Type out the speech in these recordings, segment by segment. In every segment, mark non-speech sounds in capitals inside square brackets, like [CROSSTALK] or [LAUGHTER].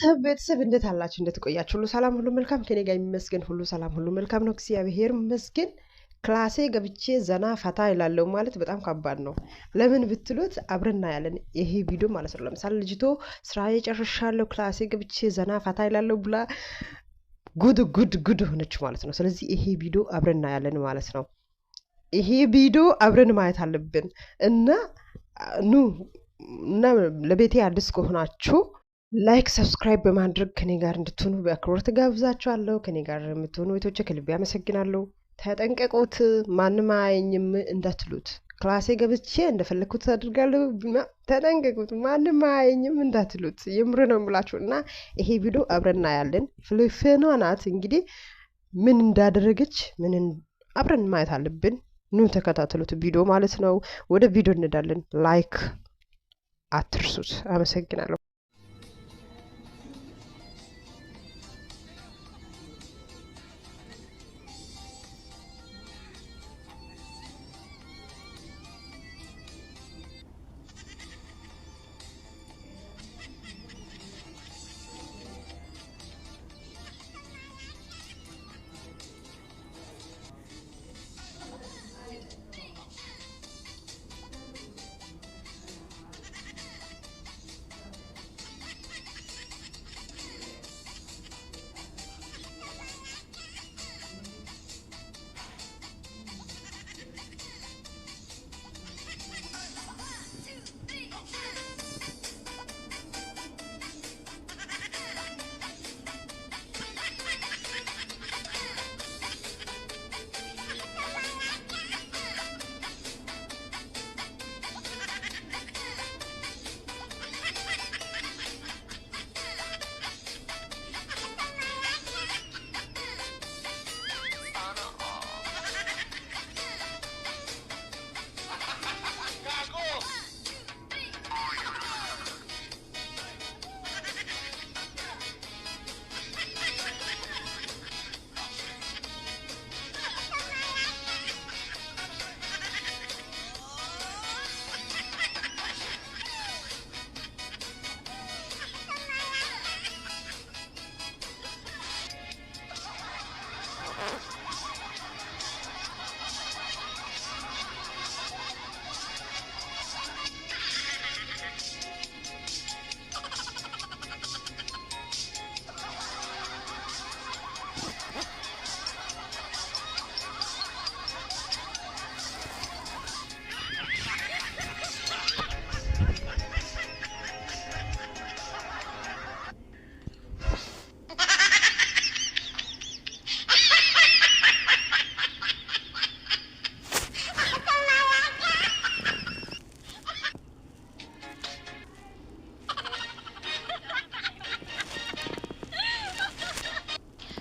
ቤተሰብ ቤተሰብ እንዴት አላችሁ? እንዴት ቆያችሁ? ሁሉ ሰላም፣ ሁሉ መልካም ከኔ ጋር የሚመስገን ሁሉ ሰላም፣ ሁሉ መልካም ነው። እግዚአብሔር ይመስገን። ክላሴ ገብቼ ዘና ፈታ ይላለው ማለት በጣም ከባድ ነው። ለምን ብትሉት አብረና ያለን ይሄ ቪዲዮ ማለት ነው። ለምሳሌ ልጅቶ ስራ የጨርሻለሁ ክላሴ ገብቼ ዘና ፈታ ይላለው ብላ ጉድ ጉድ ጉድ ሆነች ማለት ነው። ስለዚህ ይሄ ቪዲዮ አብረና ያለን ማለት ነው። ይሄ ቪዲዮ አብረን ማየት አለብን እና ኑ እና ለቤቴ አዲስ ከሆናችሁ ላይክ ሰብስክራይብ በማድረግ ከኔ ጋር እንድትሆኑ በአክብሮት ጋብዛችኋለሁ። ከኔ ጋር የምትሆኑ ቤቶች ከልቤ አመሰግናለሁ። ተጠንቀቁት፣ ማንም አያየኝም እንዳትሉት። ክላሴ ገብቼ እንደፈለግኩት አድርጋለሁ። ተጠንቀቁት፣ ማንም አያየኝም እንዳትሉት። የምር ነው የምላችሁ እና ይሄ ቪዲዮ አብረና ያለን ፍልፍኗ ናት እንግዲህ ምን እንዳደረገች ምን አብረን ማየት አለብን። ኑ ተከታተሉት፣ ቪዲዮ ማለት ነው። ወደ ቪዲዮ እንዳለን ላይክ አትርሱት። አመሰግናለሁ።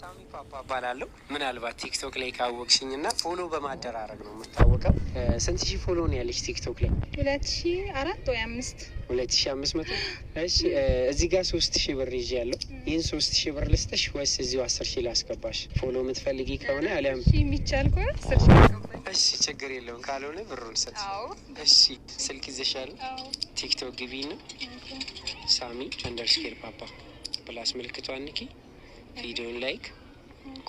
ሳሚ ፓፓ እባላለሁ። ምናልባት ቲክቶክ ላይ ካወቅሽኝ እና ፎሎ በማደራረግ ነው የምታወቀው። ስንት ሺህ ፎሎ ነው ያለሽ ቲክቶክ ላይ? ሁለት ሺ አራት ወይ አምስት ሁለት ሺ አምስት መቶ [GASPS] እሺ። እዚህ ጋር ሶስት ሺ ብር ይዤ ያለው ይህን ሶስት ሺ ብር ልስጥሽ ወይስ እዚሁ አስር ሺ ላስገባሽ? ፎሎ የምትፈልጊ ከሆነ አሊያም የሚቻል ከሆነ አስር ሺ እሺ፣ ችግር የለውም ካልሆነ ብሩን ሰጥ። እሺ፣ ስልክ ይዘሻል? ቲክቶክ ግቢ ነው ሳሚ አንደርስኬር ፓፓ ብላስ ምልክቷ ንኪ ቪዲዮን ላይክ፣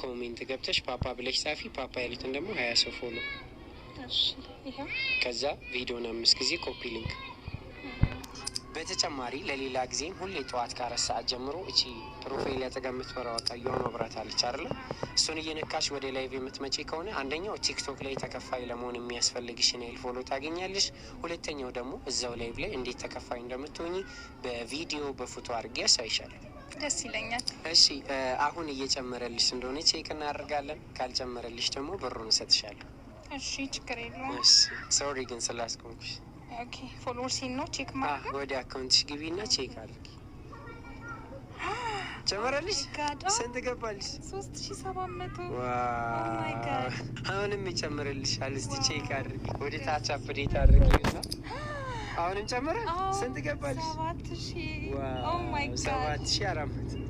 ኮሜንት ገብተሽ ፓፓ ብለሽ ጻፊ። ፓፓ ያሉትን ደግሞ ሀያ ሰው ፎሎ፣ ከዛ ቪዲዮን አምስት ጊዜ ኮፒ ሊንክ። በተጨማሪ ለሌላ ጊዜም ሁሌ ጠዋት ከአራት ሰዓት ጀምሮ እቺ ፕሮፋይል ያጠገብ የምትበራዋ ቀይዋ መብራት አለች አይደለ? እሱን እየነካሽ ወደ ላይቭ የምትመጪ ከሆነ አንደኛው ቲክቶክ ላይ ተከፋይ ለመሆን የሚያስፈልግሽን ያህል ፎሎ ታገኛለሽ። ሁለተኛው ደግሞ እዛው ላይቭ ላይ እንዴት ተከፋይ እንደምትሆኝ በቪዲዮ በፎቶ አድርጌ ያሳይሻለሁ። ደስ ይለኛል። እሺ አሁን እየጨመረልሽ እንደሆነ ቼክ እናደርጋለን። ካልጨመረልሽ ደግሞ ብሩን እሰጥሻለሁ። እሺ ችግር የለውም። ሶሪ ግን ስላስቆምሽ። ኦኬ ፎሎወር ሲን ነው ቼክ ማድረግ። ወደ አካውንትሽ ግቢ እና ቼክ አድርጊ። ጨመረልሽ? ስንት ገባልሽ? ሶስት ሺ ሰባት መቶ አሁንም ይጨምርልሻል። እስቲ ቼክ አድርጊ። ወደ ታች አፕዴት አድርጊ እና አሁንም ጨምረ ስንት ገባልሽ?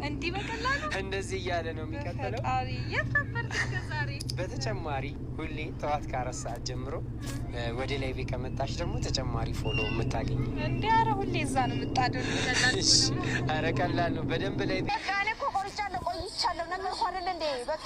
እንዲህ በቀላሉ [LAUGHS] እንደዚህ እያለ ነው የሚቀጥለው። በተጨማሪ ሁሌ ጠዋት ከአራት ሰዓት ጀምሮ ወደ ላይ ቤት ከመጣሽ ደግሞ ተጨማሪ ፎሎ የምታገኝ እንደ ኧረ ሁሌ እዛ ነው የምታደርግ። ኧረ ቀላል ነው በደንብ ላይ ቆይቻለሁ። ነገርኩህ አይደለ እንዴ በቃ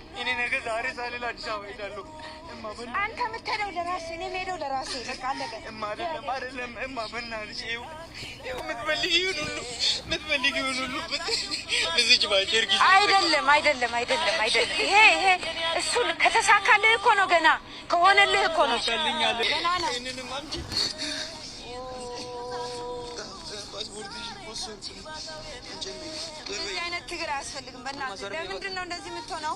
እኔ ነገ ዛሬ ሳልል አዲስ አበባ አንተ የምትሄደው ለራሴ እኔ የምሄደው ለራሴ በቃ አለቀ። እማ አይደለም አይደለም፣ እማ በእናትሽ ይኸው ይኸው የምትፈልጊውን ሁሉ የምትፈልጊውን ሁሉ ብዝጭ ባጭር ጊዜ አይደለም አይደለም አይደለም አይደለም። ይሄ ይሄ እሱ ከተሳካልህ እኮ ነው ገና ከሆነልህ እኮ ነው ገና ነው። ፓስፖርት ትግር አያስፈልግም። በእናትህ ለምንድን ነው እንደዚህ የምትሆነው?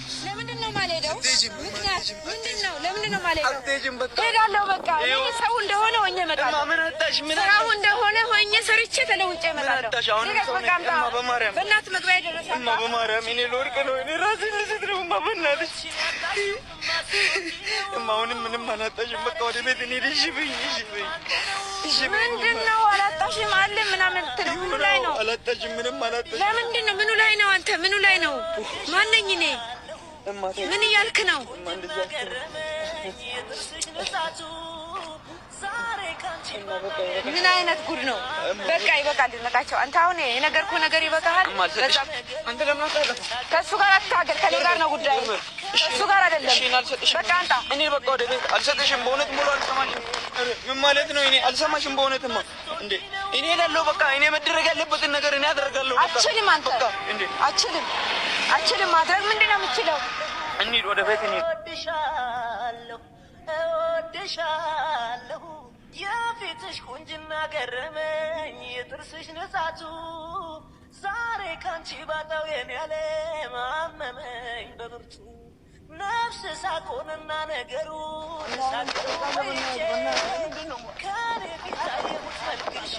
ለምንድን ነው የማልሄደው? ምክንያት ምንድን ነው? ለምንድን ነው የማልሄደው? እሄዳለሁ። በቃ ሰው እንደሆነ ሆኜ እመጣለሁ። ስራው እንደሆነ ሆኜ ሰርቼ ተለውጬ እመጣለሁ። በእናትህ መግቢያ የደረሰ በማርያም እኔ ልወርቅ ነው። እኔ ራሴን ልስት ነው። እማ በእናትሽ እማ፣ አሁንም ምንም አላጣሽም። በቃ ወደ ቤት እኔ ልሽ ብኝ ሽ ብኝ ምንድን ነው አላጣሽም አለ ምናምን ምኑ ላይ ነው? አላጣሽም፣ ምንም አላጣሽም። ለምንድን ነው ምኑ ላይ ነው? አንተ ምኑ ላይ ነው? ማነኝ እኔ ምን እያልክ ነው? ምን አይነት ጉድ ነው? በቃ ይበቃል። ልነቃቸው። አንተ አሁን የነገርኩህ ነገር ይበቃሃል። ከእሱ ጋር አትታገል። ከኔ ጋር ነው ጉዳይ። እሱ ጋር አይደለም። በቃ አንጣ። እኔ በቃ ወደ ቤት አልሰጥሽም። በእውነት ሙሉ አልሰማሽም። ምን ማለት ነው? እኔ አልሰማሽም። በእውነትማ እንዴ እኔ እላለሁ። በቃ እኔ መደረግ ያለበትን ነገር እኔ አደርጋለሁ። አችልም አንተ አችልም አችልም ማድረግ ምንድን ነው የምችለው? እንሂድ ወደ ቤት እንሂድ። እወድሻለሁ እወድሻለሁ፣ የፊትሽ ቁንጅና ገረመኝ፣ የጥርስሽ ንጻቱ ዛሬ ካንቺ ባጣው የኔ ዓለም አመመኝ በብርቱ ነፍስ ሳቆንና ነገሩ ሳቆ ከኔ ፊት አየሁት መልክሽ